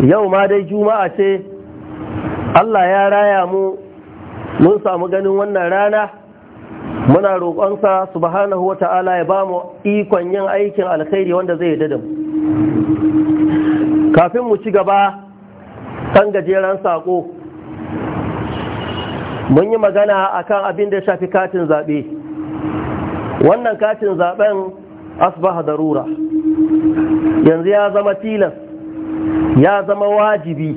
yau ma dai juma'a ce Allah ya raya mu mun samu ganin wannan rana muna roƙonsa subhanahu wa ta'ala ya ba mu ikon yin aikin alkhairi wanda zai dadim kafin mu ci gaba kan gajeren saƙo mun yi magana a kan abin da shafi katin zaɓe wannan katin zaɓen asbaha darura yanzu ya zama tilas ya zama wajibi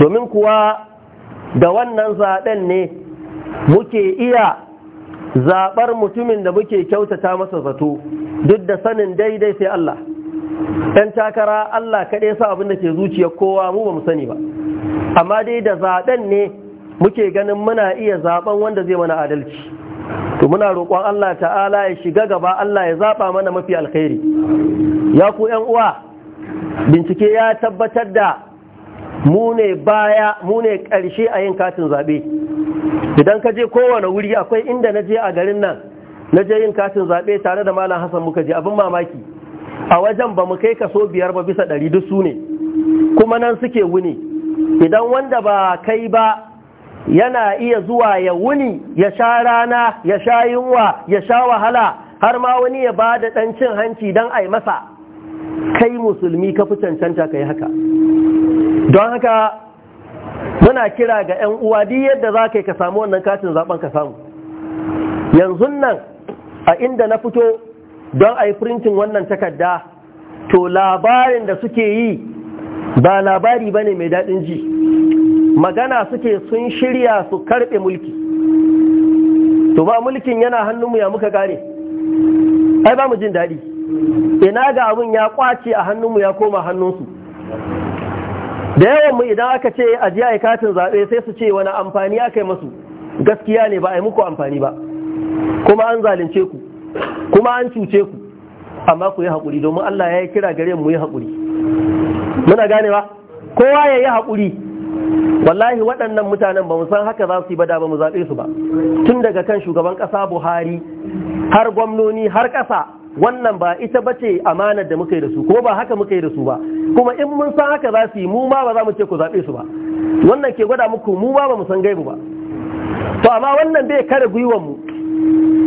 domin kuwa da wannan zaɓen ne muke iya zaɓar mutumin da muke kyautata masa zato duk da sanin daidai sai Allah ɗan takara Allah kaɗai sa abin da ke zuciya kowa mu ba mu sani ba amma dai da zaɓen ne muke ganin muna iya zaɓen wanda zai mana adalci to muna roƙon Allah ta'ala ya shiga gaba Allah ya zaɓa mana mafi alkhairi ya ku 'yan uwa bincike ya tabbatar da mu baya mu ne ƙarshe a yin katin zaɓe idan ka je kowane wuri akwai inda na je a garin nan na je yin katin zaɓe tare da malam hassan muka je abin mamaki a wajen ba mu kai kaso biyar ba bisa ɗari duk su ne kuma nan suke wuni idan wanda ba kai ba yana iya zuwa ya wuni ya sha rana ya sha yunwa ya sha wahala har ma wani ya ba da ɗan cin hanci don a yi masa kai musulmi ka fi cancanta ka yi haka don haka muna kira ga 'yan uwa duk yadda za ka yi ka samu wannan katin zaben ka samu yanzu nan a inda na fito don a yi firintin wannan takarda to labarin da suke yi ba labari ba ne mai daɗin ji magana suke sun shirya su karɓe mulki to ba mulkin yana hannunmu ya muka gane ai ba mu jin daɗi ina ga abin ya kwace a hannunmu ya koma hannunsu da yawan mu idan aka ce a ji katin zaɓe sai su ce wani amfani aka yi masu gaskiya ne ba a yi muku amfani ba kuma an zalunce ku kuma an cuce ku amma ku yi haƙuri domin Allah ya yi kira gare mu yi haƙuri muna gane ba kowa ya yi haƙuri wallahi waɗannan mutanen ba mu san haka za su yi bada ba mu zaɓe su ba tun daga kan shugaban ƙasa Buhari har gwamnoni har ƙasa wannan ba ita ba ce amanar da muka yi da su ko ba haka muka yi da su ba kuma in mun san haka za su yi mu ma ba za mu ce ku zaɓe su ba wannan ke gwada muku mu ma ba mu san gaibu ba to amma wannan bai kare gwiwar mu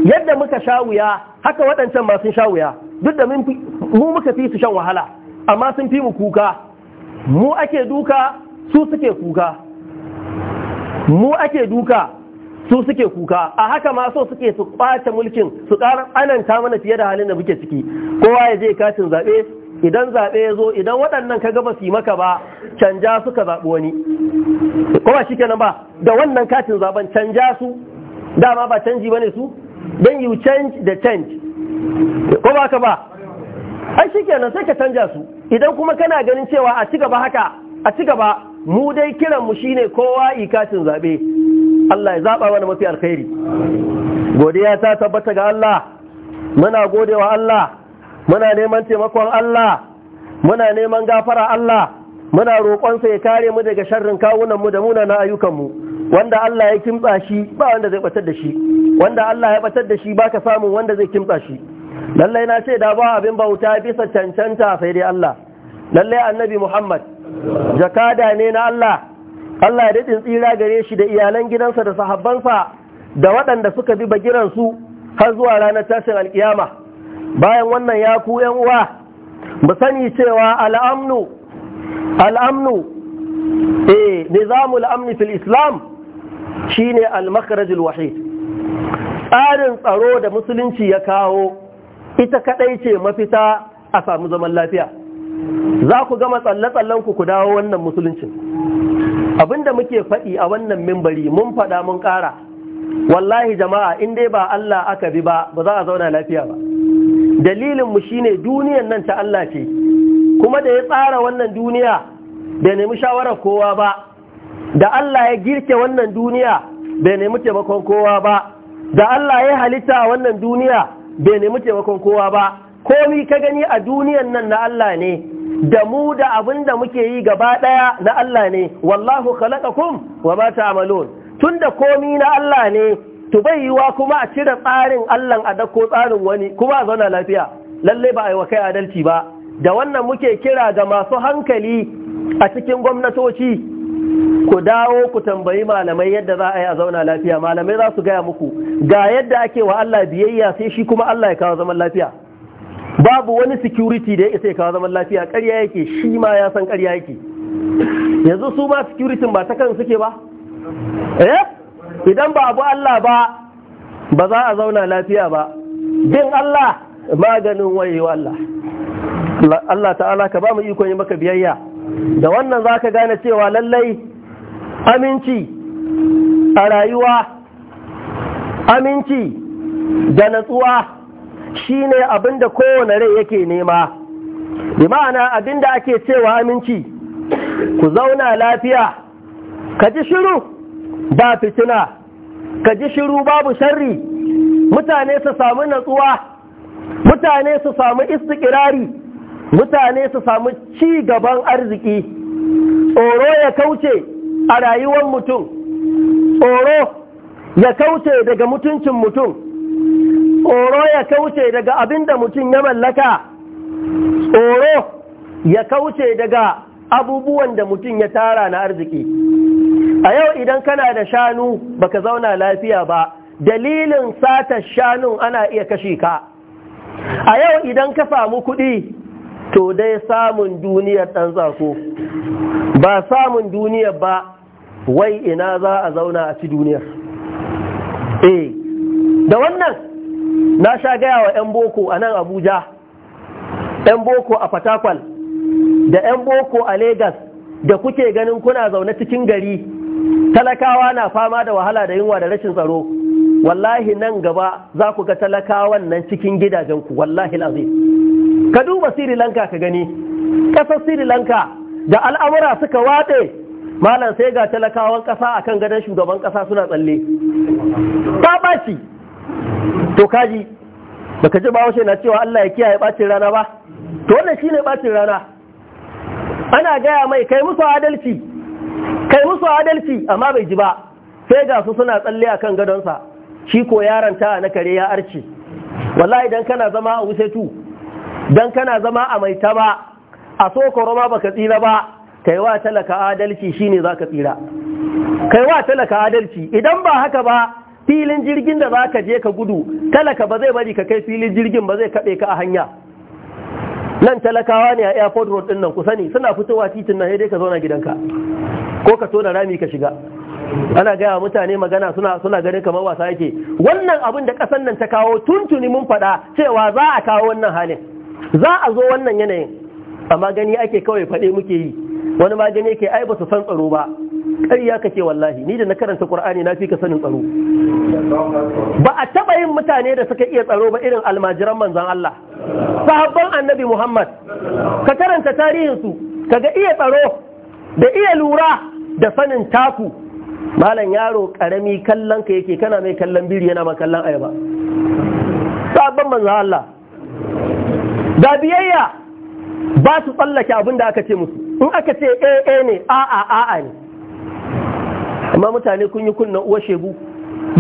yadda muka sha wuya haka waɗancan ma sun sha wuya duk da mu muka fi su shan wahala amma sun fi mu kuka mu ake duka su suke kuka mu ake duka su suke kuka a haka ma so suke su kwace mulkin su ƙara ananta mana fiye da halin da muke ciki kowa ya je katin zaɓe idan zaɓe ya zo idan waɗannan ka gaba su yi maka ba canja suka zaɓi wani kuma shi kenan ba da wannan katin zaɓen canja su dama ba canji ba ne su don you change the change ko ba ka ba ai shi kenan sai ka canja su idan kuma kana ganin cewa a ci gaba haka a ci gaba mu dai kiran mu shine kowa ikatin zaɓe Allah ya zaɓa mana mafi alkhairi godiya ta tabbata ga Allah muna godewa Allah muna neman taimakon Allah muna neman gafara Allah muna roƙonsa ya kare mu daga sharrin kawunanmu da munana ayyukanmu wanda Allah ya kimtsa shi ba wanda zai batar da shi wanda Allah ya batar da shi baka samun wanda zai kimtsa shi lallai na ce da ba abin bauta bisa cancanta sai dai Allah lallai annabi Muhammad jakada ne na Allah Allah ya daɗin tsira gare shi da iyalan gidansa da sahabbansa da waɗanda suka bi bagiransu har zuwa ranar tashin alkiyama bayan wannan ya ku yan uwa mu sani cewa al'amnu al'amnu eh nizamul amni fil islam shine al-makhrajul wahid tsarin tsaro da musulunci ya kawo ita kadai ce mafita a samu zaman lafiya za ku gama tsalle-tsallen ku ku dawo wannan musuluncin Abin da muke faɗi a wannan mimbari mun faɗa mun ƙara wallahi jama'a in dai ba Allah aka bi ba ba za a zauna lafiya ba dalilin mu shine duniyan nan ta Allah ce kuma da ya tsara wannan duniya bai nemi shawarar kowa ba da Allah ya girke wannan duniya bai nemi taimakon kowa ba da Allah ya halitta wannan duniya bai nemi taimakon kowa ba komi ka gani a duniyan nan na Allah ne da mu da abin da muke yi gaba ɗaya na Allah ne wallahu khalaqakum wa ma tun da komi na Allah ne to bai yiwa kuma a cire tsarin Allah a dako tsarin wani kuma a zauna lafiya lalle ba a yi wa kai adalci ba da wannan muke kira ga masu hankali a cikin gwamnatoci ku dawo ku tambayi malamai yadda za a yi a zauna lafiya malamai za su gaya muku ga yadda ake wa Allah biyayya sai shi kuma Allah ya kawo zaman lafiya babu wani security da ya isa ya kawo zaman lafiya ƙarya yake shi ma ya san ƙarya yake yanzu su ma security ba ta kan suke ba eh idan ba abu Allah ba ba za a zauna lafiya ba bin Allah maganin wayewa Allah Allah ta'ala ka ba mu ikon yi maka biyayya da wannan za ka gane cewa lallai aminci a rayuwa aminci da natsuwa Shi shine abinda kowane rai yake nema bi ma'ana da ake cewa aminci ku zauna lafiya ka ji shiru ba fitina ka ji shiru babu sharri mutane su samu natsuwa mutane su samu istikirari mutane su samu ci gaban arziki tsoro ya kauce a rayuwar mutum tsoro ya kauce daga mutuncin mutum tsoro ya kauce daga abin da mutum ya mallaka tsoro ya kauce daga abubuwan da mutum ya tara na arziki a yau idan kana da shanu baka zauna lafiya ba dalilin sata shanun ana iya kashe ka a yau idan ka samu kuɗi to dai samun duniyar ɗan zako ba samun duniyar ba wai ina za a zauna a ci duniyar eh da wannan na sha gaya wa 'yan boko a nan abuja 'yan boko a fatakwal da 'yan boko a Legas da kuke ganin kuna zaune cikin gari talakawa na fama da wahala da yunwa da rashin tsaro wallahi nan gaba za ku ga talakawan nan cikin gidajenku wallahi lazim ka duba sri lanka ka gani ƙasar sri lanka da al'amura suka watse malam sai ga talakawan ƙasa akan gadon shugaban ƙasa suna tsalle ta ɓaci to kaji baka ji bawashe na cewa Allah ya kiyaye bacin rana ba to wannan shine bacin rana ana gaya mai kai musu adalci kai musu adalci amma bai ji ba sai ga su suna tsalle a kan gadonsa shi ko yaron ta na kare ya arce wallahi dan kana zama a wusetu dan kana zama a mai ta ba a sokoro ma baka tsira ba kai wa talaka adalci shine zaka tsira kai wa talaka adalci idan ba haka ba filin jirgin da za ka je ka gudu talaka ba zai bari ka kai filin jirgin ba zai kaɓe ka a hanya nan talakawa ne a airport road ɗin nan ku sani suna fitowa titin nan dai ka zauna gidanka ko ka tona rami ka shiga ana gaya mutane magana suna suna ganin kamar wasa yake wannan abin da ƙasar nan ta kawo tuntuni mun faɗa cewa za a kawo wannan halin za a zo wannan yanayin amma gani ake kawai faɗe muke yi wani magani gani yake ai ba su san tsaro ba ƙarya kake wallahi ni da na karanta qur'ani na fi ka sanin tsaro ba a taɓa yin mutane da suka iya tsaro ba irin almajiran manzan Allah sahabban annabi Muhammad ka karanta tarihin su kaga iya tsaro da iya lura da sanin taku malam yaro karami kallon ka yake kana mai kallon biri yana ma kallon ayaba sahabban manzan Allah da biyayya ba su tsallake abin da aka ce musu in aka ce a a ne a a a ne amma mutane kun yi kunna uwa shegu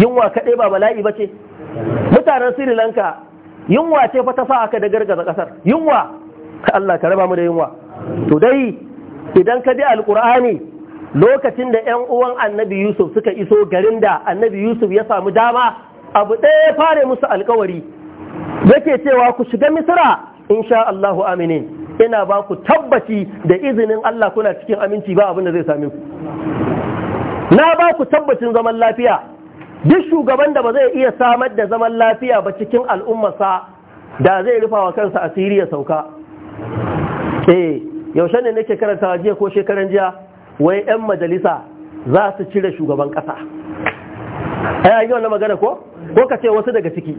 yunwa kaɗai ba bala'i ba ce mutanen sri lanka yunwa ce fa ta sa aka da gargaza ƙasar yunwa ka allah ka raba mu da yunwa to dai idan ka bi alƙur'ani lokacin da yan uwan annabi yusuf suka iso garin da annabi yusuf ya samu dama abu ɗaya fare musu alkawari yake cewa ku shiga misira sha allahu aminin ina ba ku tabbaci da izinin allah kuna cikin aminci ba abin da zai same ku na ba ku tabbacin zaman lafiya duk shugaban da ba zai iya samar da zaman lafiya ba cikin al'ummarsa da zai rufa wa kansa asiri ya sauka eh yaushe ne nake karanta jiya ko shekaran jiya wai 'yan majalisa za su cire shugaban ƙasa ai yi wannan magana ko ko ka ce wasu daga ciki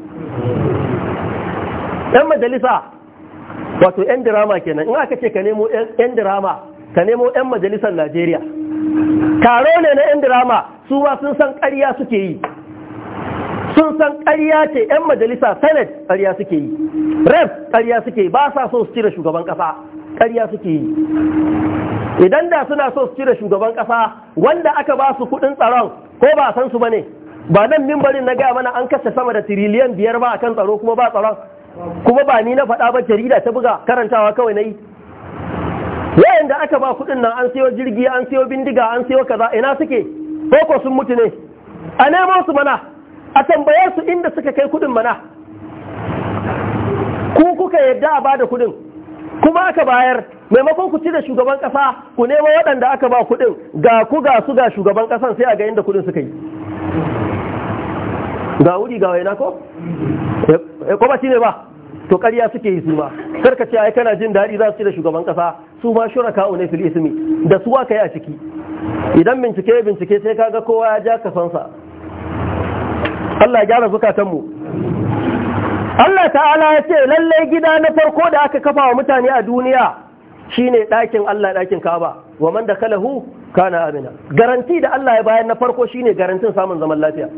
'yan majalisa wato 'yan dirama kenan in aka ce ka nemo 'yan dirama ka nemo 'yan majalisar najeriya taro ne na 'yan dirama su ba sun san ƙarya suke yi sun san ƙarya ce 'yan majalisa senate ƙarya suke yi ref ƙarya suke yi ba sa so su cire shugaban ƙasa ƙarya suke yi idan da suna so su cire shugaban ƙasa wanda aka ba su kuɗin tsaron ko ba san su ba ne ba nan mimbarin na gaya mana an kashe sama da tiriliyan biyar ba akan tsaro kuma ba tsaron kuma ba ni na faɗa ba jarida ta buga karantawa kawai na yi yayin da aka ba kuɗin nan an siyo jirgi an siyo bindiga an siyo kaza ina suke ko sun mutu ne a neman su mana a tambaye su inda suka kai kuɗin mana ku kuka yadda a ba da kuɗin kuma aka bayar maimakon ku ci da shugaban ƙasa ku nemo waɗanda aka ba kuɗin ga ku ga su ga shugaban ƙasan sai a ga inda kuɗin suka yi ga wuri ga waina ko? Eh, eh, ko ba shi ne ba to ƙarya suke yi su ma karka ce ai kana jin daɗi za su ci da shugaban ƙasa su ma shuraka ne fil ismi da su aka yi a ciki idan bincike bincike sai ka ga kowa ya ja kafansa Allah ya gyara mu Allah ta'ala ya ce lallai gida na farko da aka kafa wa mutane a duniya shine ɗakin Allah ɗakin Ka'aba wa man da kalahu kana amina garanti da Allah ya bayar na farko shine garantin samun zaman lafiya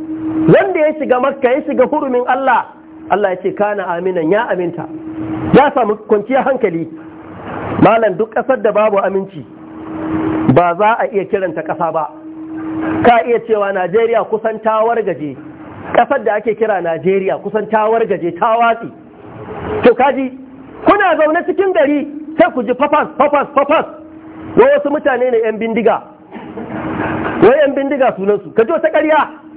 wanda ya shiga Makka ya shiga hurumin Allah Allah ya ce kana aminan ya aminta ya samu kwanciyar hankali malam duk ƙasar da babu aminci ba za a iya kiranta ƙasa ba ka iya cewa Najeriya kusan tawar gaje ƙasar da ake kira Najeriya kusan tawar gaje ta watsi to kaji kuna zaune cikin gari sai ku ji papas papas papas wasu mutane ne yan bindiga wai yan bindiga sunansu ka ta ƙarya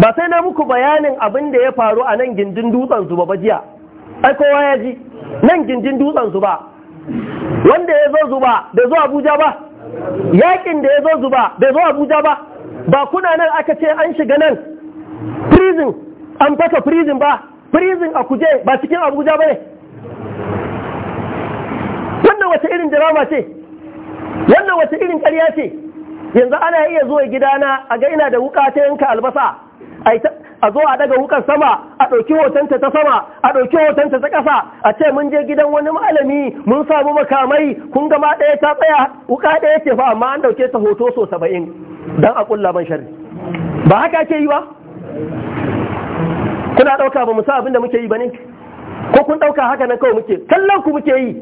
ba sai na muku bayanin abin da ya faru a nan gindin dutsen zuba ba jiya ai kowa ya ji nan gindin dutsen zuba wanda ya zo zuba bai zo abuja ba yakin da ya zo zuba bai zo abuja ba ba kuna nan aka ce an shiga nan prison an fata prison ba prison a kuje ba cikin abuja ba ne wannan wata irin drama ce wannan wata irin karya ce yanzu ana iya zuwa gidana a ga ina da wuka ta yanka albasa a zo a daga wukan sama a ɗauki hotonta ta sama a ɗauki hotonta ta ƙasa a ce mun je gidan wani malami mun samu makamai kun gama ɗaya ta tsaya wuka ɗaya ce fa amma an ɗauke ta hoto so saba'in don a ƙulla ban shari ba haka ake yi ba kuna ɗauka ba mu sa abin da muke yi ba ne ko kun ɗauka haka nan kawai muke kallon ku muke yi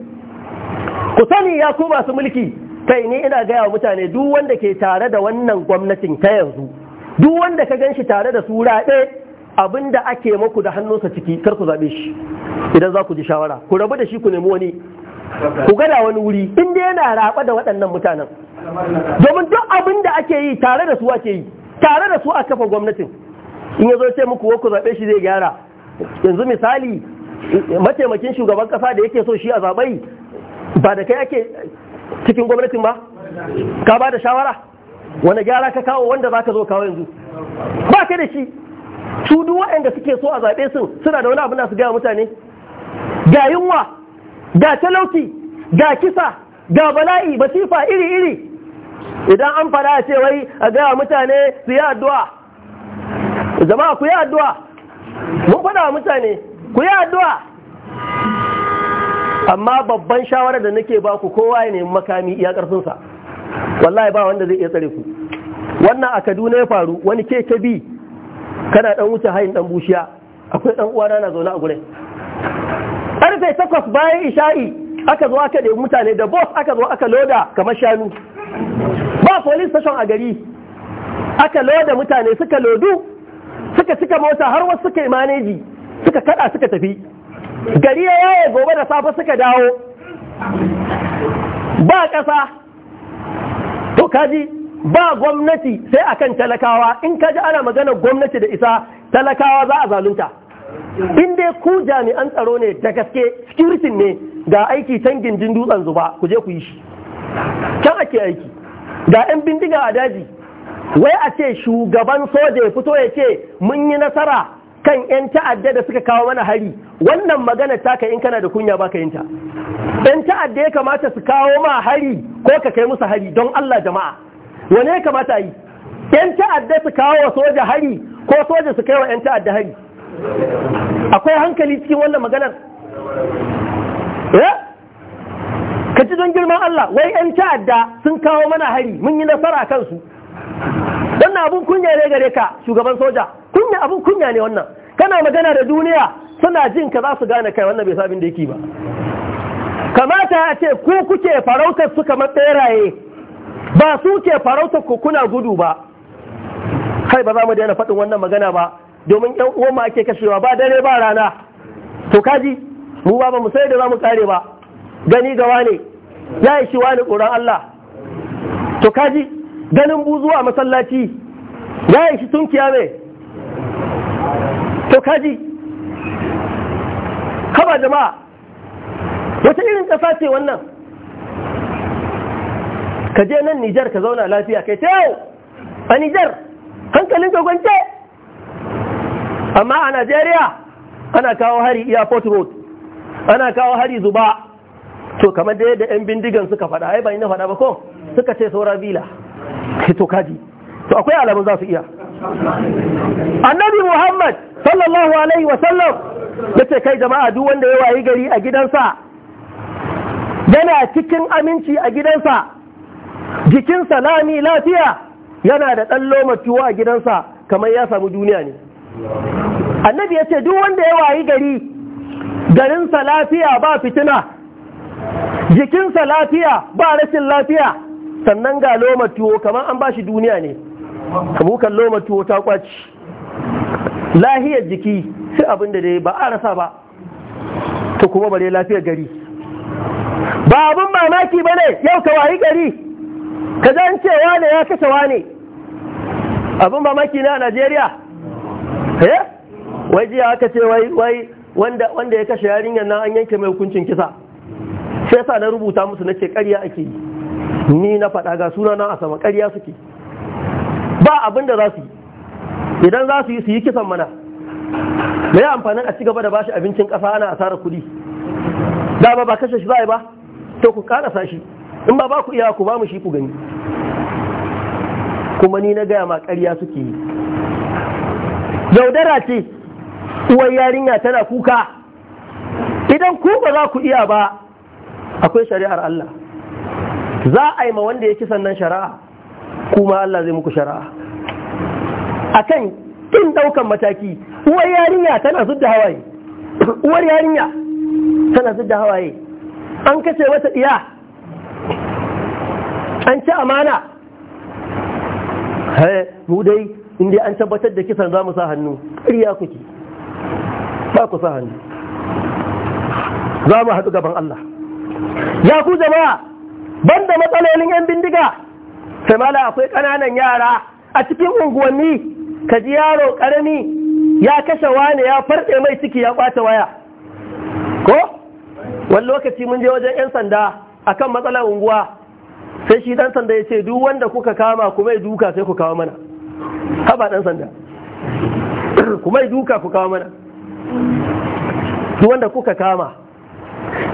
ku sani ya ku masu mulki kai ni ina gaya wa mutane duk wanda ke tare da wannan gwamnatin ta yanzu duk wanda ka ganshi tare da su raɗe abinda ake maku da hannunsa ciki kar ku zaɓe shi idan za ku ji shawara ku rabu da shi ku nemi wani ku gada wani wuri inda yana raɓa da waɗannan mutanen domin duk abin da ake yi tare da su ake yi tare da su a kafa gwamnatin in ya zo ce muku ku zaɓe shi zai gyara yanzu misali mataimakin shugaban ƙasa da yake so shi a zaɓai ba da kai ake cikin gwamnatin ba ka ba da shawara wani gyara ka kawo wanda za ka zo kawo yanzu ba ka da shi su duk waɗanda suke so a zaɓe sun suna da wani abin da su gaya mutane ga yunwa ga talauci ga kisa ga bala'i masifa iri-iri idan an fada a ce wai a gaya mutane su yi addu'a jama'a ku yi addu'a mun fada mutane ku yi addu'a amma babban shawarar da nake baku kowa ya nemi makami iya ƙarfinsa wallahi ba wanda zai iya tsare ku wannan a kaduna ya faru wani ke bi kana dan wuce hayin dan bushiya akwai dan uwana na zaune a gurin karfe takwas bayan isha'i aka zo aka ɗebi mutane da bus aka zo aka loda kamar shanu ba police station a gari aka loda mutane suka lodu suka cika mota har wasu suka yi maneji suka kada suka tafi gari ya yaye gobe da safe suka dawo ba ƙasa to kaji ba gwamnati sai akan talakawa in kaji ana magana gwamnati da isa talakawa za a zalunta in ku jami'an tsaro ne da gaske security ne ga aiki tangin jin dutsen zuba ku je ku yi shi can ake aiki ga 'yan bindiga a daji wai a ce shugaban soja ya fito ya ce mun yi nasara kan 'yan ta'adda da suka kawo mana hari wannan magana taka in kana da kunya baka yin ta 'yan ta'adda ya kamata su kawo ma hari ko ka kai musu hari don Allah jama'a wane ya kamata yi 'yan ta'adda su kawo wa soja hari ko soja su kai wa 'yan ta'adda hari akwai hankali cikin wannan maganar eh? ka ci don girman Allah wai 'yan ta'adda sun kawo mana hari mun yi nasara kansu wannan abun kunya ne gare ka shugaban soja kunya abin kunya ne wannan kana magana da duniya suna jin ka za su gane kai wannan bai sabin da yake ba kamata a ce ku kuke farautar su kamar beraye ba su ke farautar ku kuna gudu ba kai ba za mu daina faɗin wannan magana ba domin yan uwan ma ake kashewa ba dare ba rana to kaji mu ba mu sai da za mu kare ba gani gawa ne ya yi shi wani ƙoran Allah to kaji ganin buzu a masallaci ya yi shi tunkiya mai kaji kaba jama'a wata irin ƙasa ce wannan ka je nan nijar ka zauna lafiya kai ta yau a nijar hankalin gwance amma a najeriya ana kawo hari iya port road ana kawo hari zuba to kamar da yadda 'yan bindigan suka faɗa ai bai na faɗa ba ko suka ce saura bila to kaji to akwai alamun za su iya annabi muhammad sallallahu alaihi wasallam ya ce kai jama'a duk wanda ya wayi gari a gidansa yana cikin aminci a gidansa jikin salami lafiya yana da ɗan loma a gidansa kamar ya samu duniya ne annabi ya ce duk wanda ya wayi gari garinsa lafiya ba fitina jikinsa lafiya ba rashin lafiya sannan ga loma tuwo kamar an bashi duniya ne kamukan loma ta kwaci lahiyar jiki sai abin da dai ba a rasa ba to kuma bare lafiyar gari ba abin mamaki ba ne yau ka wayi gari ka zan cewa ne ya kashe wane abin mamaki na a najeriya eh wai jiya aka ce wai wanda ya kashe yarinyar nan an yanke mai hukuncin kisa sai sa na rubuta musu nace ƙarya ake yi ni na faɗa ga suna na a sama ƙarya suke ba abin da za su yi idan za su yi su yi kisan mana me ya amfanin a cigaba gaba da bashi abincin kasa ana asarar kuɗi Da ba kashe shi za a yi ba to ku sa shi in ba ba ku iya ku ba mu shi ku gani kuma ni na gaya ma ƙarya suke yi yaudara ce uwar yarinya tana kuka idan ku ba za ku iya ba akwai shari'ar Allah za a yi ma wanda ya kisan nan shari'a kuma Allah zai muku shari'a akan kin daukan mataki uwar yarinya tana zudda hawaye uwar yarinya tana zudda hawaye an kashe mata iya an ci amana mu dai inda an tabbatar da kisan za mu sa hannu ya kuke ba ku sa hannu za mu haɗu gaban Allah ya ku jama'a banda matsalolin 'yan bindiga sai mala akwai ƙananan yara a cikin unguwanni ka ji yaro ƙarami ya kashe wani ya farɗe mai ciki ya ƙwace waya ko wani lokaci mun je wajen 'yan sanda akan matsalar unguwa sai shi ɗan sanda ya ce duk wanda kuka kama kuma yi duka sai ku kawo mana haba ɗan sanda kuma yi duka ku kawo mana duk wanda kuka kama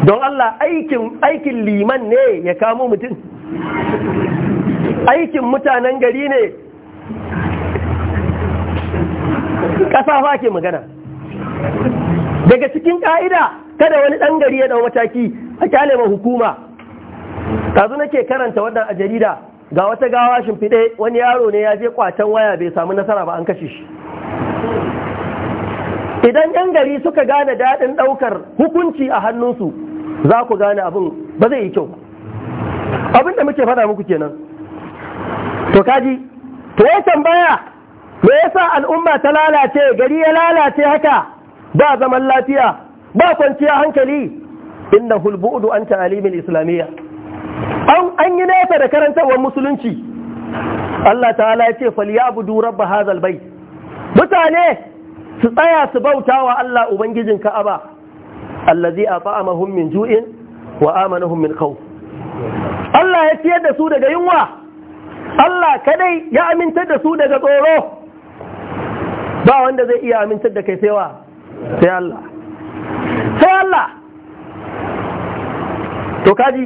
don Allah aikin liman ne ya kamo mutum aikin mutanen gari ne ƙasa fa ke magana daga cikin ƙa'ida kada wani ɗan gari ya ɗau mataki a kyale ma hukuma kazu nake karanta wannan a jarida ga wata gawa shimfiɗe wani yaro ne ya je kwatan waya bai samu nasara ba an kashe shi idan yan gari suka gane daɗin ɗaukar hukunci a hannunsu za ku gane abin ba zai yi kyau abin da muke faɗa muku kenan to kaji to ya tambaya me yasa al'umma ta lalace gari ya lalace haka ba zaman lafiya ba kwanciya hankali Inda hulbu udu an alimin islamiyya an an yi nesa da karantawar musulunci Allah ta'ala ya ce falyabudu rabb hadha bai mutane su tsaya su bautawa Allah ubangijin Ka'aba allazi at'amahum min ju'in wa amanahum min khawf Allah ya ciyar da su daga yunwa Allah kadai ya aminta da su daga tsoro ba wanda zai iya amintar da kai sai wa sai Allah sai Allah to kaji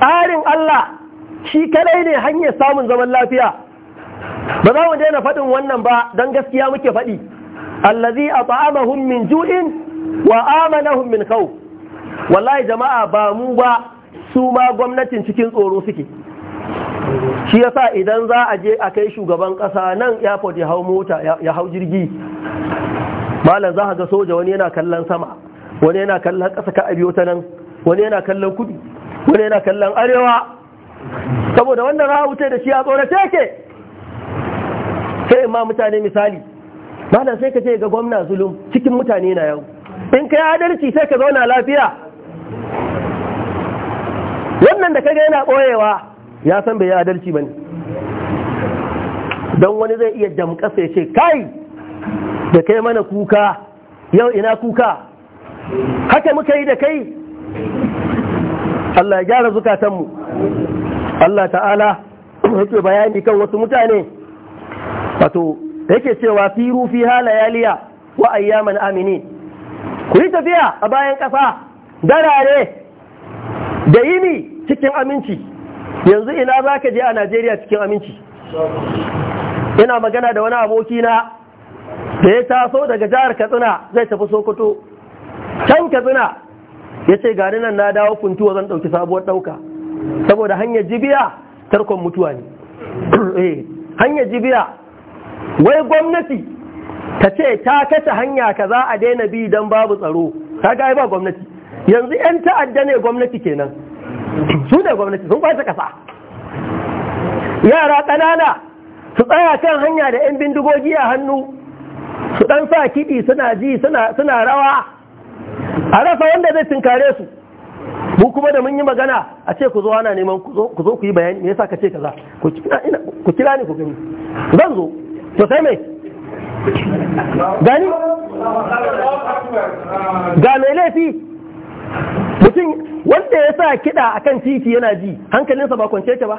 tsarin Allah shi kadai ne hanyar samun zaman lafiya ba za mu daina faɗin wannan ba don gaskiya muke faɗi allazi at'amahum min ju'in wa amanahum min khawf wallahi jama'a ba mu ba su ma gwamnatin cikin tsoro suke shi ya sa idan za a je a kai shugaban ƙasa nan airport ya hau mota ya hau jirgi malam za a ga soja wani yana kallon sama wani yana kallon ƙasa ka abiyo ta nan wani yana kallon kudu wani yana kallon arewa saboda wannan wuce da shi a tsorace ke sai ma mutane misali malam sai ka ce ga gwamna zulum cikin mutane na yau in ka yi adalci sai ka zauna lafiya wannan da ga yana ɓoyewa ya san bai yi adalci ba ne don wani zai iya jamkasa ya ce kai da kai mana kuka yau ina kuka haka muka yi da kai Allah ya gyara zukatanmu Allah ta'ala yake bayani kan wasu mutane wato yake cewa firufi hala halayaliya wa ayyaman amini ku yi tafiya a bayan ƙasa darare da yini cikin aminci yanzu ina za ka je a najeriya cikin aminci ina magana da wani aboki na da ya taso daga jihar katsina zai tafi sokoto can katsina ya ce gani nan na dawo kuntuwa zan ɗauki sabuwar ɗauka saboda hanyar jibiya tarkon mutuwa ne eh, hanyar jibiya wai gwamnati ta ce ta kashe hanya ka za a daina bi don babu tsaro ta ga ba gwamnati yanzu 'yan ta'adda ne gwamnati kenan su da gwamnati sun kwace kasa yara ƙanana su tsaya kan hanya da 'yan bindigogi a hannu su ɗan sa kiɗi suna ji suna rawa a rasa wanda zai tinkare su mu kuma da mun yi magana a ce ku zo ana neman ku zo ku yi bayani me sa ka ce ka za? ku kira ni ku gani zan zo to sai mai gani ga mai laifi mutum wanda ya sa kiɗa a kan titi yana ji hankalinsa ba kwance ta ba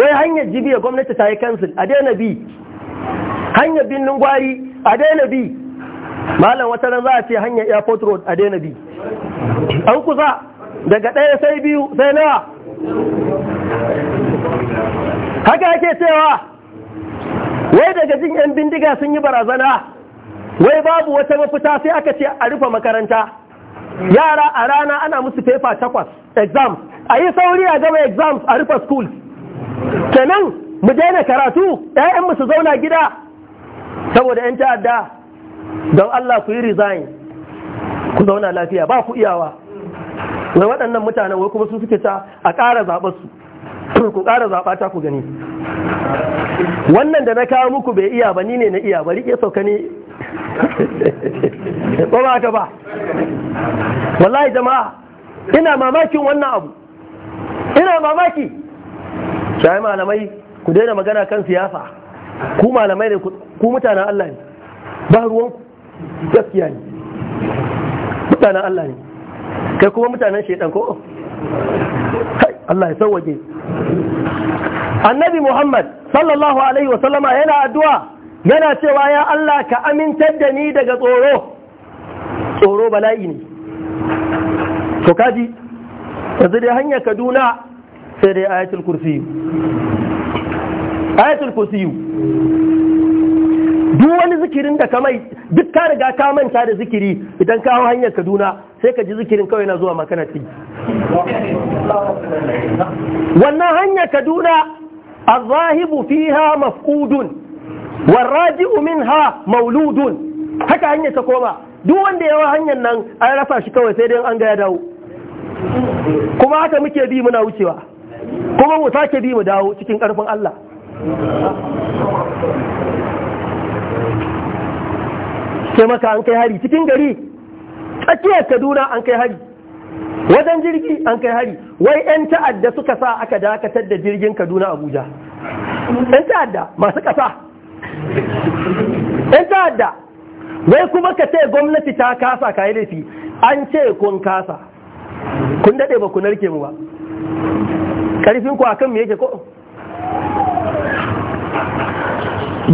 wai hanyar ya gwamnati ta yi kansil a daina bi hanyar binnin gwari a daina bi malam wata ran za a ce hanyar airport road a daina bi an kusa daga ɗaya sai biyu sai nawa haka ake cewa wai daga jin 'yan bindiga sun yi barazana wai babu wata mafita sai aka ce a rufe makaranta yara a rana ana musu fefa takwas exam, a yi sauri a gaba exams a rufe schools kenan mu daina karatu mu su zauna gida saboda 'yan ta'adda don Allah ku yi resign ku zauna lafiya ba ku iyawa wai waɗannan mutanen wai kuma su suke ta a ƙara zaɓar su ku ƙara zaɓa ta ku gani wannan da na kawo muku bai iya ba ni ne na iya bari ke sauka ne ba ba ta ba wallahi jama'a ina mamakin wannan abu ina mamaki shayi malamai ku daina magana kan siyasa ku malamai ne ku mutanen Allah ne ba ruwanku gaskiya ne mutanen Allah ne kai kuma mutanen shaidan ko Allah ya sauwaje annabi Muhammad sallallahu alaihi wasallama yana addu'a yana cewa ya Allah ka amintar da ni daga tsoro tsoro bala'i ne to kaji yanzu dai hanyar kaduna sai dai ayatul kursiyu ayatul kursiyu duk wani zikirin da ka mai duk ka riga ka manta da zikiri idan ka hanyar kaduna sai ka ji zikirin kawai na zuwa makana ci wannan hanyar kaduna zahibu fiha mafudun umin ha mauludun haka hanyar ta koma duk wanda yawa hanyar nan an rasa shi kawai sai dai an ga ya dawo kuma haka muke bi muna wucewa kuma mu sake bi mu dawo cikin karfin Allah sai maka an kai hari cikin gari tsakiyar Kaduna an kai hari wajen jirgi an kai hari wai 'yan ta'adda suka sa aka dakatar da jirgin Kaduna Abuja 'yan ta'adda masu ƙasa in ta'adda wai kuma ka ce gwamnati ta kasa ka yi laifi an ce kun kasa kun daɗe ba ku narke mu ba ƙarfin ku akan me yake ko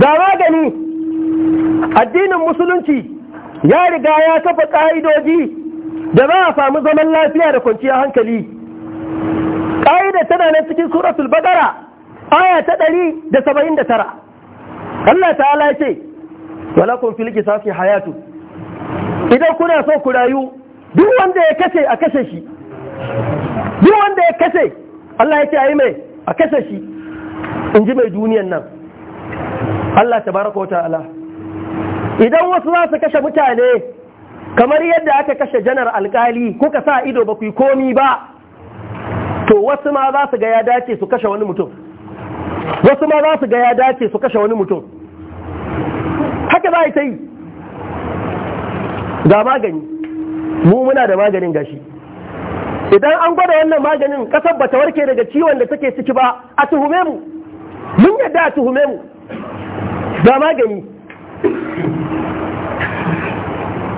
ga magani addinin musulunci ya riga ya kafa ƙa'idoji da za a samu zaman lafiya da kwanciyar hankali ƙa'idar tana nan cikin suratul bagara aya ta ɗari da saba'in tara Allah ta'ala ya ce walakun fil qisasi hayatu idan kuna so ku rayu duk wanda ya kashe a kashe shi duk wanda ya kashe Allah ya ce ayi mai a kashe shi in ji mai duniyan nan Allah tabaraka wa ta'ala idan wasu za su kashe mutane kamar yadda aka kashe janar alkali kuka sa ido ba ku yi komi ba to wasu ma za su ga ya dace su kashe wani mutum wasu ma za su ga ya dace su kashe wani mutum haka za a yi ta yi ga magani mu muna da maganin gashi idan an gwada wannan maganin kasar bata warke daga ciwon da take ciki ba a tuhume mu mun yadda a tuhume mu ga magani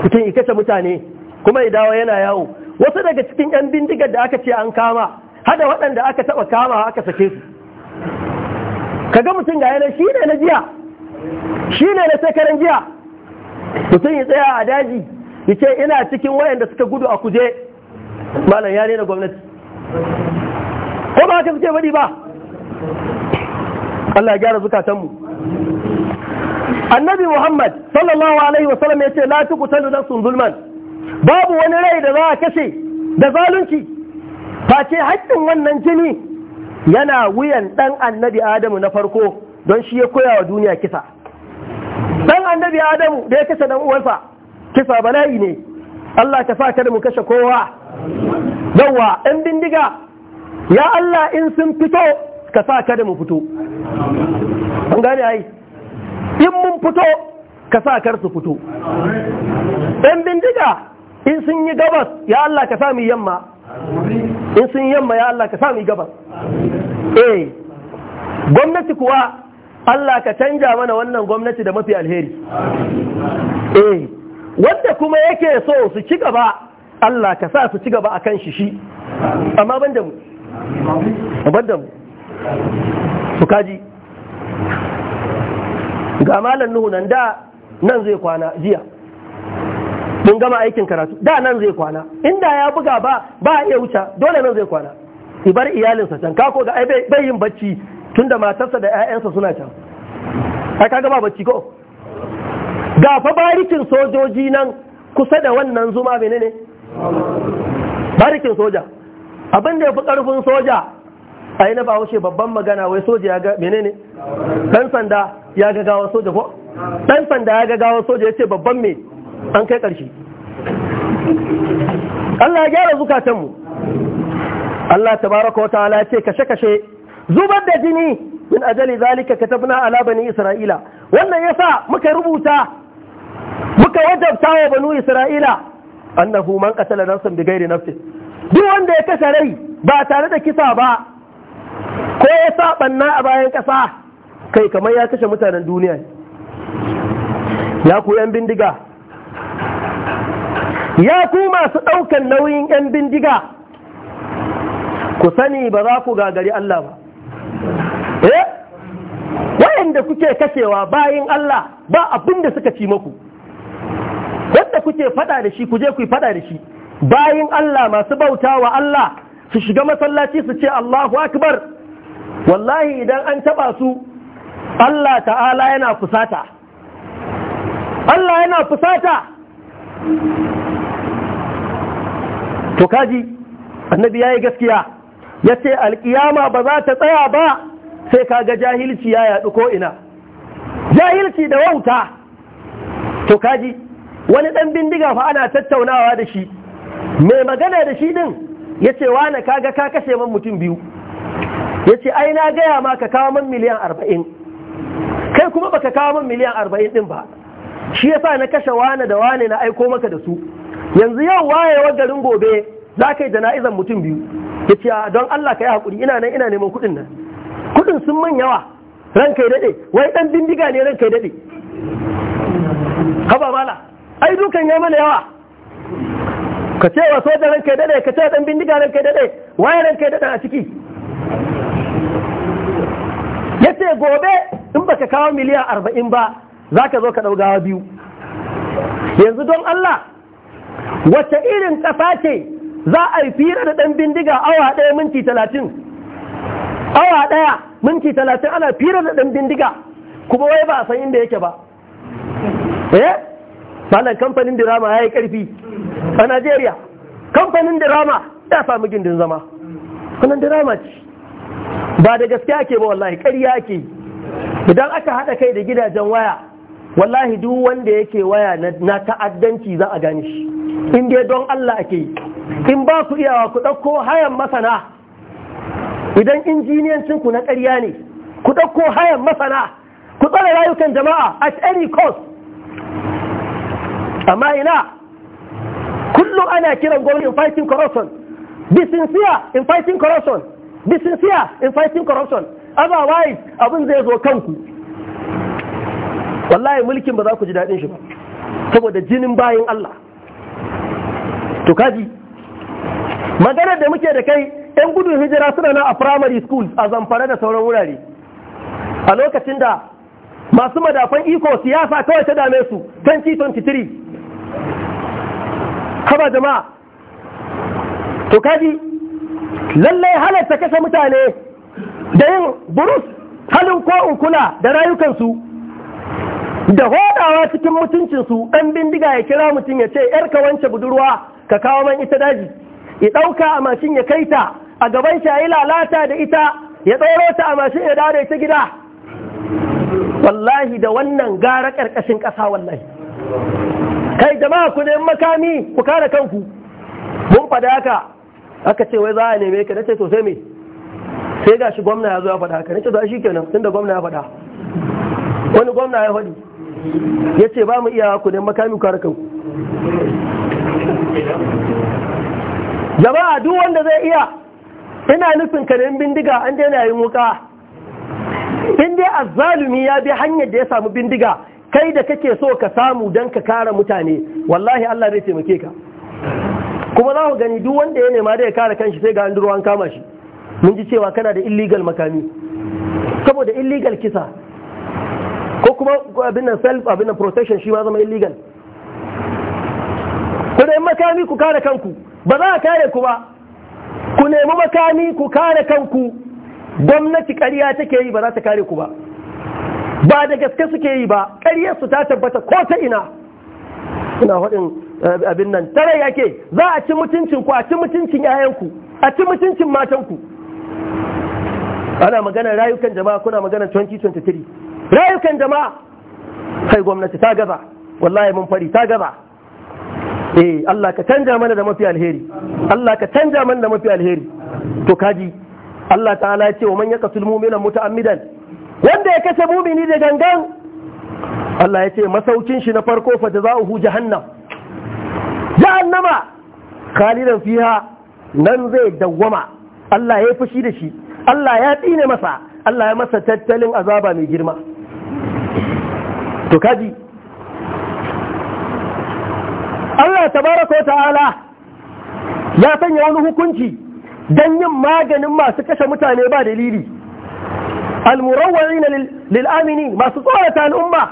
cikin ikace mutane kuma idawa yana yawo wasu daga cikin 'yan bindigar da aka ce an kama hada waɗanda aka taɓa kama aka sake su Ka ga mutum ga yanar shi ne na jiya shi ne na shekaran jiya mutum ya tsaya a daji ya ce ina cikin wayanda suka gudu a kuje malam ya na gwamnati ko ba haka fice bari ba Allah ya gyara zukatanmu annabi Muhammad sallallahu alaihi wasallam ya ce la na sun zulman babu wani rai da za a kashe da zalunci face haƙƙin wannan jini yana wuyan ɗan annabi adamu na farko don shi ya koya wa duniya kisa ɗan annabi adamu da ya kashe ɗan uwansa kisa bala'i ne Allah ta fata da mu kashe kowa yawwa ‘yan bindiga ya Allah in sun fito ka sa ka da mu fito an gane ai in mun fito ka sa kar su fito ‘Yan bindiga in sun yi gabas ya Allah ka sa mu yamma in sun yamma ya Allah ka sa mu gabas eh gwamnati kuwa Allah ka canja mana wannan gwamnati da mafi alheri eh wanda kuma yake so su ci gaba Allah ka sa su ci gaba akan shi shi amma banda mu banda mu su kaji ga malam nuhu nan da nan zai kwana jiya mun gama aikin karatu da nan zai kwana inda ya buga ba ba iya wuce dole nan zai kwana bar iyalinsa can kako ga ai bai yin bacci tunda matarsa da 'ya'yansa suna can ai kaga ba bacci ko ga fa barikin sojoji nan kusa da wannan zuma menene barikin soja abin da ya fi karfin soja a yi na ba wuce babban magana wai soja ya ga menene dan sanda ya ga gawar soja ko dan sanda ya ga gawar soja ya ce babban me an kai karshe Allah ya gyara zukatanmu Allah tabaraka wa ta'ala ya ce kashe kashe zubar da jini min ajali zalika katabna ala bani isra'ila wannan yasa muka rubuta muka wajabta wa banu isra'ila annahu man qatala nafsan bighairi nafsin duk wanda ya kashe rai ba tare da kisa ba ko ya sabanna a bayan kasa kai kamar ya kashe mutanen duniya ya ku yan bindiga ya ku masu ɗaukan nauyin yan bindiga ku sani ba za ku gagari Allah ba eh wayanda kuke kashewa bayin Allah ba abin da suka ci maku wanda kuke fada da shi ku je ku yi fada da shi bayin Allah masu bauta wa Allah su shiga masallaci su ce Allahu akbar wallahi idan an taba su Allah ta'ala yana fusata Allah yana fusata to kaji annabi yayi gaskiya ya ce alkiyama ba za ta tsaya ba sai kaga jahilci ya yaɗu ko'ina jahilci da wauta to kaji wani ɗan bindiga fa ana tattaunawa da shi mai magana da shi ɗin ya ce wane kaga ka kashe man mutum biyu ya ce ai na gaya ma ka kawo man miliyan arba'in kai kuma baka kawo man miliyan arba'in ɗin ba shi ya sa na kashe wane da wane na aiko maka da su yanzu yau wayewa garin gobe za ka yi jana'izan mutum biyu ya ce don Allah ka yi haƙuri ina nan ina neman kuɗin nan kuɗin sun man yawa ran kai daɗe wai ɗan bindiga ne ran kai daɗe haba mala ai dukan ya mana yawa ka ce wa sojan ran kai daɗe ka ce ɗan bindiga ran kai daɗe waye ran kai daɗe a ciki ya ce gobe in ba ka kawo miliyan arba'in ba za ka zo ka ɗau gawa biyu yanzu don Allah wace irin ƙasa ce za a yi fira da ɗan bindiga awa ɗaya minti talatin awa ɗaya minti talatin ana fira da ɗan bindiga kuma wai ba a san inda yake ba eh malar kamfanin dirama ya yi ƙarfi a najeriya kamfanin dirama ya samu gindin zama kanan dirama ce ba da gaskiya ke ba wallahi ƙarya ke. idan aka haɗa kai da gidajen waya wallahi duk wanda yake waya na ta'addanci za a gane shi in dai don Allah ake yi in ba ku iyawa ku ɗauko hayan masana idan injiniyancin ku na ƙarya ne ku ɗauko hayan masana ku tsare rayukan jama'a at any cost amma ina kullum ana kiran gwamnati in fighting corruption be sincere in fighting corruption be sincere in fighting corruption otherwise abin zai zo kanku wallahi mulkin ba za ku ji daɗin shi ba saboda jinin bayin Allah to maganar da muke da kai yan gudun hijira suna na a primary schools a zamfara da sauran wurare a lokacin da masu madafan iko siyasa kawai ta dame su 2023 haba jama'a to lallai halarta kashe mutane da yin burus halin ko kula da rayukansu da hodawa cikin mutuncinsu ɗan bindiga ya kira mutum ya ce 'Yar ka wance budurwa ka kawo man ita daji ya ɗauka a mashin ya kai ta a gaban shi yi lalata da ita ya tsoro ta a mashin ya dare ta ita gida wallahi da wannan gara ƙarƙashin ƙasa wallahi kai jama'a ku neman makami ku kare kanku mun faɗa haka aka ce wai za a neme ka nace sosai me sai gashi gwamna ya zo ya faɗa haka nace za shi kenan tunda gwamna ya faɗa wani gwamna ya faɗi ya ce ba mu iya ku neman makami ku kare kanku jama'a duk wanda zai iya ina nufin karin bindiga an daina yin wuka in dai azzalumi ya bi hanyar da ya samu bindiga kai da kake so ka samu don ka kare mutane wallahi Allah zai taimake ka kuma za ku gani duk wanda ya nema da ya kare kanshi sai ga an ruwan kama shi mun ji cewa kana da illegal makami saboda illegal kisa ko kuma abin self abin nan protection shi ma zama illegal to makami ku kare kanku ba za a kare ku ba ku nemi makami ku kare kanku gwamnati ƙarya take yi ba za ta kare ku ba ba da gaske suke yi ba ƙaryar su ta tabbata ko ta ina ina faɗin eh, abin nan tare yake za a ci mutuncin ku a ci mutuncin yayanku a ci mutuncin matanku ana magana rayukan jama'a kuna magana 2023 rayukan jama'a kai gwamnati ta gaba wallahi mun fari ta gaba eh Allah ka canja mana da mafi alheri Allah ka canja mana da mafi alheri to kaji Allah ta'ala ya ce wa man yaqtul mu'mina muta'ammidan wanda ya kashe mumini da gangan Allah ya ce masaukin shi na farko fa jazaohu jahannam jahannama khalidan fiha nan zai dawwama Allah ya fushi da shi Allah ya tsine masa Allah ya masa tattalin azaba mai girma to kaji Allah tabaraka ta'ala ya sanya wani hukunci don yin maganin masu kashe mutane ba dalili almurawwa'ina na lil'amini masu tsorata al'umma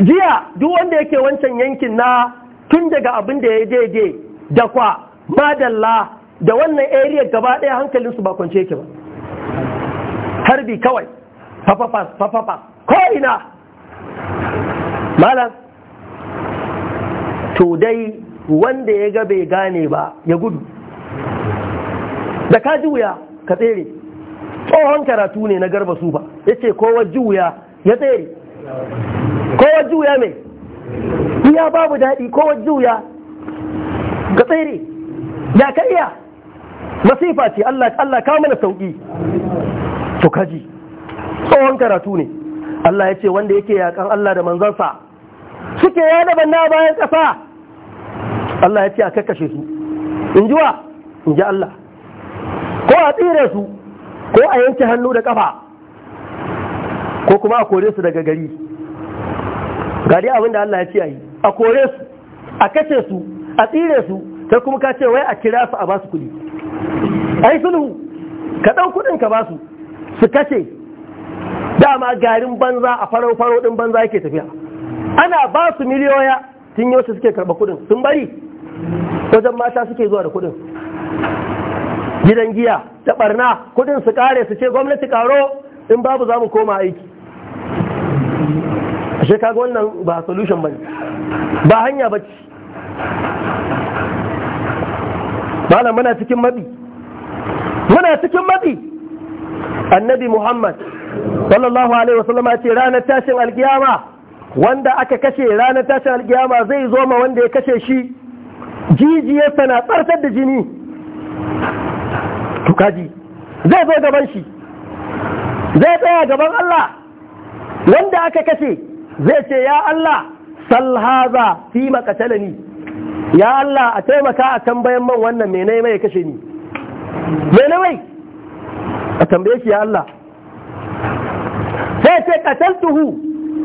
jiya duk wanda yake wancan yankin na tun daga abin da ya je da kwa madalla da wannan area gaba ɗaya hankalin ba kwance yake ba harbi kawai fafafas fafafas ko ina malam to dai wanda ya ga bai gane ba ya gudu da ka ji wuya ka tsere tsohon karatu ne na garba su ba ya ce kowa ji wuya ya tsere kowa ji wuya mai iya babu daɗi kowa ji wuya ka tsere ya ka iya masifa ce Allah ka mana sauƙi to ka ji. tsohon karatu ne Allah ya ce wanda yake yakan Allah da manzansa suke yada banna bayan ƙasa Allah ya ce a kakkashe su in ji wa in ji Allah ko a tsire su ko a yanke hannu da kafa ko kuma a kore su daga gari ga dai abin da Allah ya ce a yi a kore su a kace su a tsire su sai kuma ka ce wai a kira su a basu su kuɗi ai sulhu ka ɗan kuɗin ka ba su su kace dama garin banza a farau farau ɗin banza yake tafiya ana ba su miliyoya tun yau suke karɓa kuɗin sun bari wajen mata suke zuwa da kudin gidan giya ta barna kudin su kare su ce gwamnati karo in babu za mu koma aiki a shekaru wannan ba solution bane ba hanya ba ci. malam muna cikin mabi muna cikin mabi annabi muhammad sallallahu alaihi wasallam ya ce ranar tashin alkiyama wanda aka kashe ranar tashin alkiyama zai zo ma wanda ya kashe shi jijiyarsa na tsartar da jini tukaji zai zo gaban shi zai tsaya gaban Allah wanda aka kashe zai ce ya Allah salhaza fi ni? ya Allah a taimaka a tambayan man wannan mene mai kashe ni mene mai a tambaye shi ya Allah sai ce kataltuhu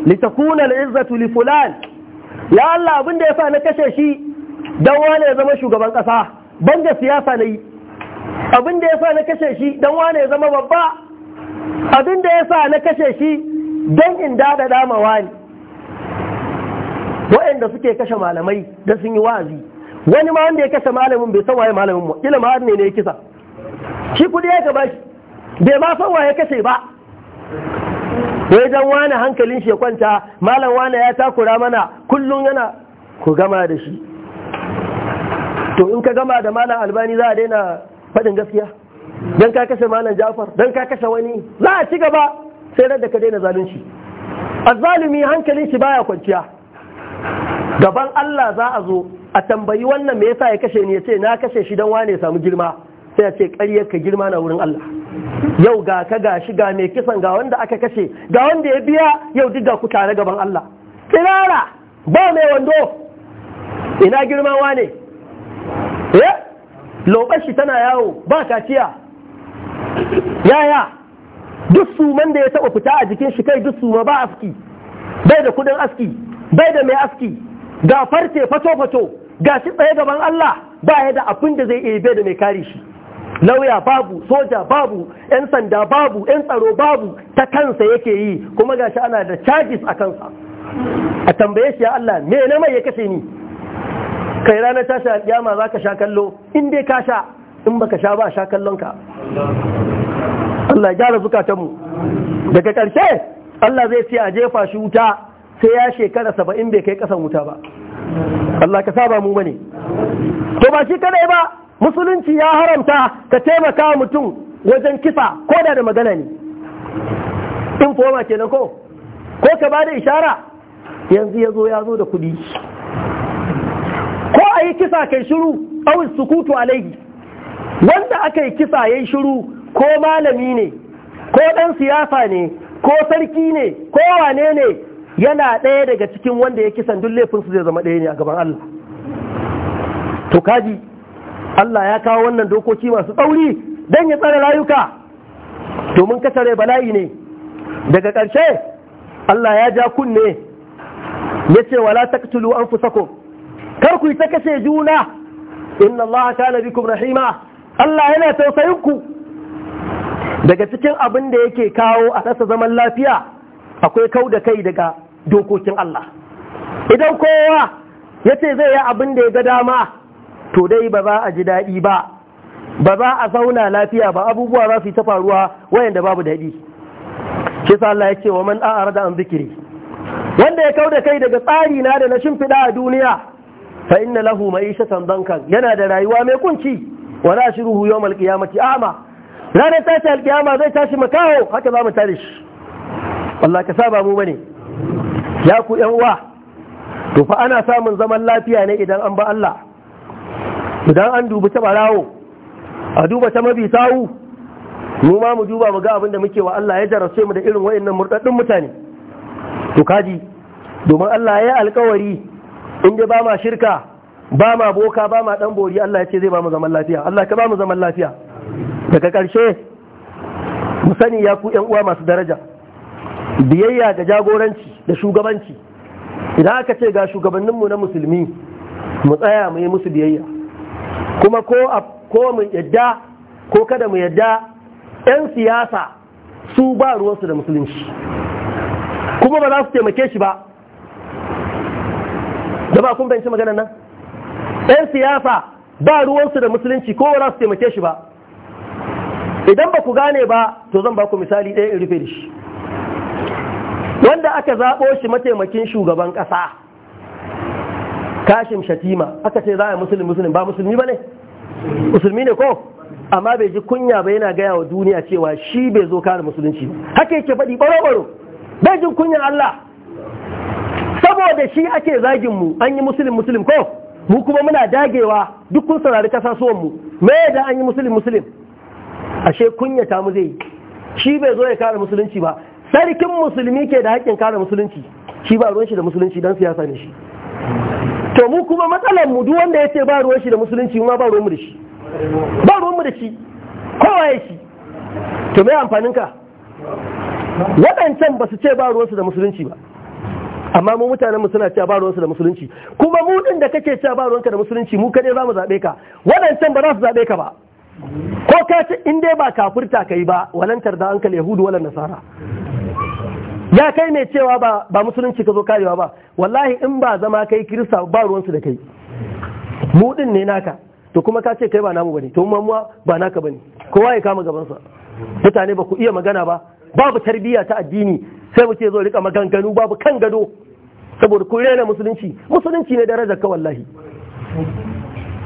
litakuna al'izzatu li fulan ya Allah abinda ya sa na kashe shi dan wane ya zama shugaban kasa ban da siyasa na yi abin da ya sa na kashe shi dan wane ya zama babba abin da ya sa na kashe shi don in dada dama wani waɗanda suke kashe malamai da sun yi wa'azi wani ma wanda ya kashe malamin bai san waye malamin mu kila ma ne ne ya kisa shi kudi ya gaba shi bai ma san waye kashe ba wai dan wani hankalin shi ya kwanta malam wani ya takura mana kullum yana ku gama da shi to in ka gama da malam albani za a daina faɗin gaskiya Don ka kashe malam jafar Don ka kashe wani za a ci gaba sai da ka daina zalunci azzalumi hankalin shi baya kwanciya gaban Allah za a zo a tambayi wannan me yasa ya kashe ni ya ce na kashe shi dan wane ya samu girma sai a ce ƙaryar ka girma na wurin Allah yau ga ka ga shi ga mai kisan ga wanda aka kashe ga wanda ya biya yau duk ga ku tare gaban Allah kirara ba mai wando ina girma wane ya eh? lokaci tana yawo ba kaciya yaya duk suman da ya taba fita a jikin shi kai duk suma ba aski bai da kudin aski bai da mai aski ga farce fato-fato ga shi tsaye gaban Allah ba ya da abin da zai iya da mai kare shi lauya babu soja babu yan sanda babu yan tsaro babu ta kansa yake yi kuma ga shi ana da charges a kansa a tambaye shi ya Allah me na mai ya kashe ni kai ranar sha alƙiyama za ka sha kallo in dai ka sha in baka sha ba sha kallon ka Allah ya gyara zukatanmu daga ƙarshe Allah zai ce a jefa shi wuta sai ya shekara saba'in bai kai ƙasan wuta ba Allah ka saba mu bane to ba shi kadai ba musulunci ya haramta ka taimaka mutum wajen kisa ko da da magana ne in foma kenan ko ko ka ba da ishara yanzu ya zo ya zo da kuɗi. yi kisa kai shiru aw sukutu alaihi wanda aka yi kisa yayi shiru ko malami ne ko dan siyasa ne ko sarki ne ko wane ne yana ɗaya daga cikin wanda ya kisan duk su zai zama ɗaya ne a gaban Allah to kaji Allah ya kawo wannan dokoki masu tsauri dan ya tsara rayuka domin kasare bala'i ne daga ƙarshe Allah ya ja kunne ya ce wala taqtulu anfusakum kar ku yi ta kashe juna inna Allah kana bikum rahima Allah yana tausayin ku daga cikin abin da yake kawo a rasa zaman lafiya akwai kau da kai daga dokokin Allah idan kowa ya ce zai yi abin da ya ga dama to dai ba za a ji daɗi ba ba za a zauna lafiya ba abubuwa za su yi ta faruwa da babu daɗi shi sa Allah ya ce wa man a'arada an zikiri wanda ya kau da kai daga tsari na da na shimfiɗa a duniya fa inna lahu ma'ishatan dankan yana da rayuwa mai kunci wa shiruhu yawmal qiyamati a'ma ranar tashi alkiyama zai tashi makaho haka za mu tare shi Allah ka saba mu bane ya ku yan uwa to fa ana samun zaman lafiya ne idan an ba Allah idan an dubi ta barawo a duba ta mabi sawu mu ma mu duba mu ga abin da muke wa Allah ya jarrace mu da irin wayannan murdadun mutane to kaji domin Allah ya yi alkawari Inda dai ba ma shirka ba ma boka ba ma dan bori Allah ya ce zai ba mu zaman lafiya Allah ka ba mu zaman lafiya daga karshe mu sani ya ku uwa masu daraja biyayya ga jagoranci da shugabanci idan aka ce ga shugabannin mu na musulmi mu tsaya mu yi musu biyayya kuma ko mu yadda ko kada mu yadda 'yan siyasa su ba ruwansu da musulunci kuma ba za su taimake shi ba da ba kun bayanci maganar nan ɗan siyasa ba ruwansu da musulunci ko za su taimake shi ba idan ba ku gane ba to zan ba ku misali ɗaya in rufe da shi wanda aka zaɓo shi mataimakin shugaban ƙasa kashim shatima aka ce za a musulmi musulmi ba musulmi ba ne musulmi ne ko amma bai ji kunya ba yana gaya wa duniya cewa shi bai zo kare musulunci haka yake faɗi ɓaro-ɓaro, bai jin kunyan Allah da shi ake zagin mu an yi musulun musulun ko mu kuma muna dagewa duk kun saurari kasasuwan mu me yadda an yi musulun musulun ashe kunyata mu zai shi bai zo ya kare musulunci ba sarkin musulmi ke da haƙƙin kare musulunci shi ba ruwan shi da musulunci don siyasa ne shi to mu kuma matsalar mu duk wanda yace ba ruwan shi da musulunci ma ba ruwan mu da shi ba ruwan mu da shi kowa ya shi to me amfanin ka waɗancan ba su ce ba ruwansu da musulunci ba amma mu mutanen mu suna cewa ba ruwansu da musulunci kuma mu din da kake cewa ba ruwanka da musulunci mu kadai zamu zabe ka wadancan ba za su zabe ka ba ko ka ce in dai ba kafirta kai ba walantar da hankali yahudu wala nasara ya kai mai cewa ba ba musulunci ka zo karewa ba wallahi in ba zama kai kirista ba ruwansu da kai mu din ne naka to kuma ka ce kai ba namu bane to mu ba naka bane kowa ya kama gabansa mutane ba ku iya magana ba babu tarbiyya ta addini sai muke ce zo rika maganganu babu kan gado saboda ku rena musulunci musulunci ne daraja ka wallahi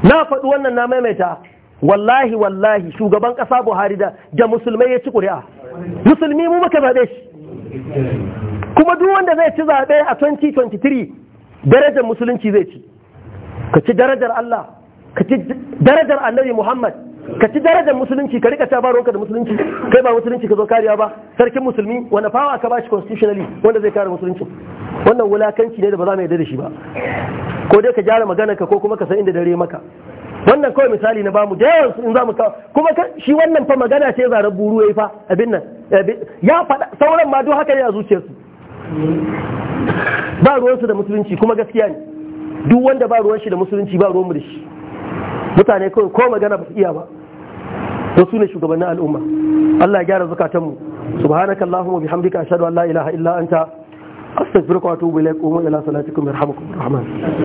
na faɗi wannan na maimaita wallahi wallahi shugaban ƙasa buhari da da musulmai ya ci ƙuri'a musulmi mu muka zaɓe shi kuma duk wanda zai ci zaɓe a 2023 darajar musulunci zai ci ka ci darajar Allah ka ci darajar annabi Muhammad ka ci darajar musulunci ka rika ka da musulunci kai ba musulunci ka zo kariya ba sarkin musulmi wanda fawa ka bashi constitutionally wanda zai kare musulunci wannan wulakanci ne da ba za mu yarda da shi ba ko dai ka gyara magana ka ko kuma ka san inda dare maka wannan kawai misali na bamu da yawan in za mu ka kuma shi wannan fa magana ce zarar buru yayi fa abin nan eh, ya faɗa sauran ma duk haka ne a zuciyarsu ba ruwansu da musulunci kuma gaskiya ne duk wanda ba ruwan shi da musulunci ba ruwan mu da shi mutane kawai ko magana ba su iya ba to su ne shugabannin al'umma Allah ya gyara zukatanmu subhanaka allahumma bihamdika ashhadu an la ilaha illa anta astaghfiruka wa atubu ilaik wa ila salatikum yarhamukum rahman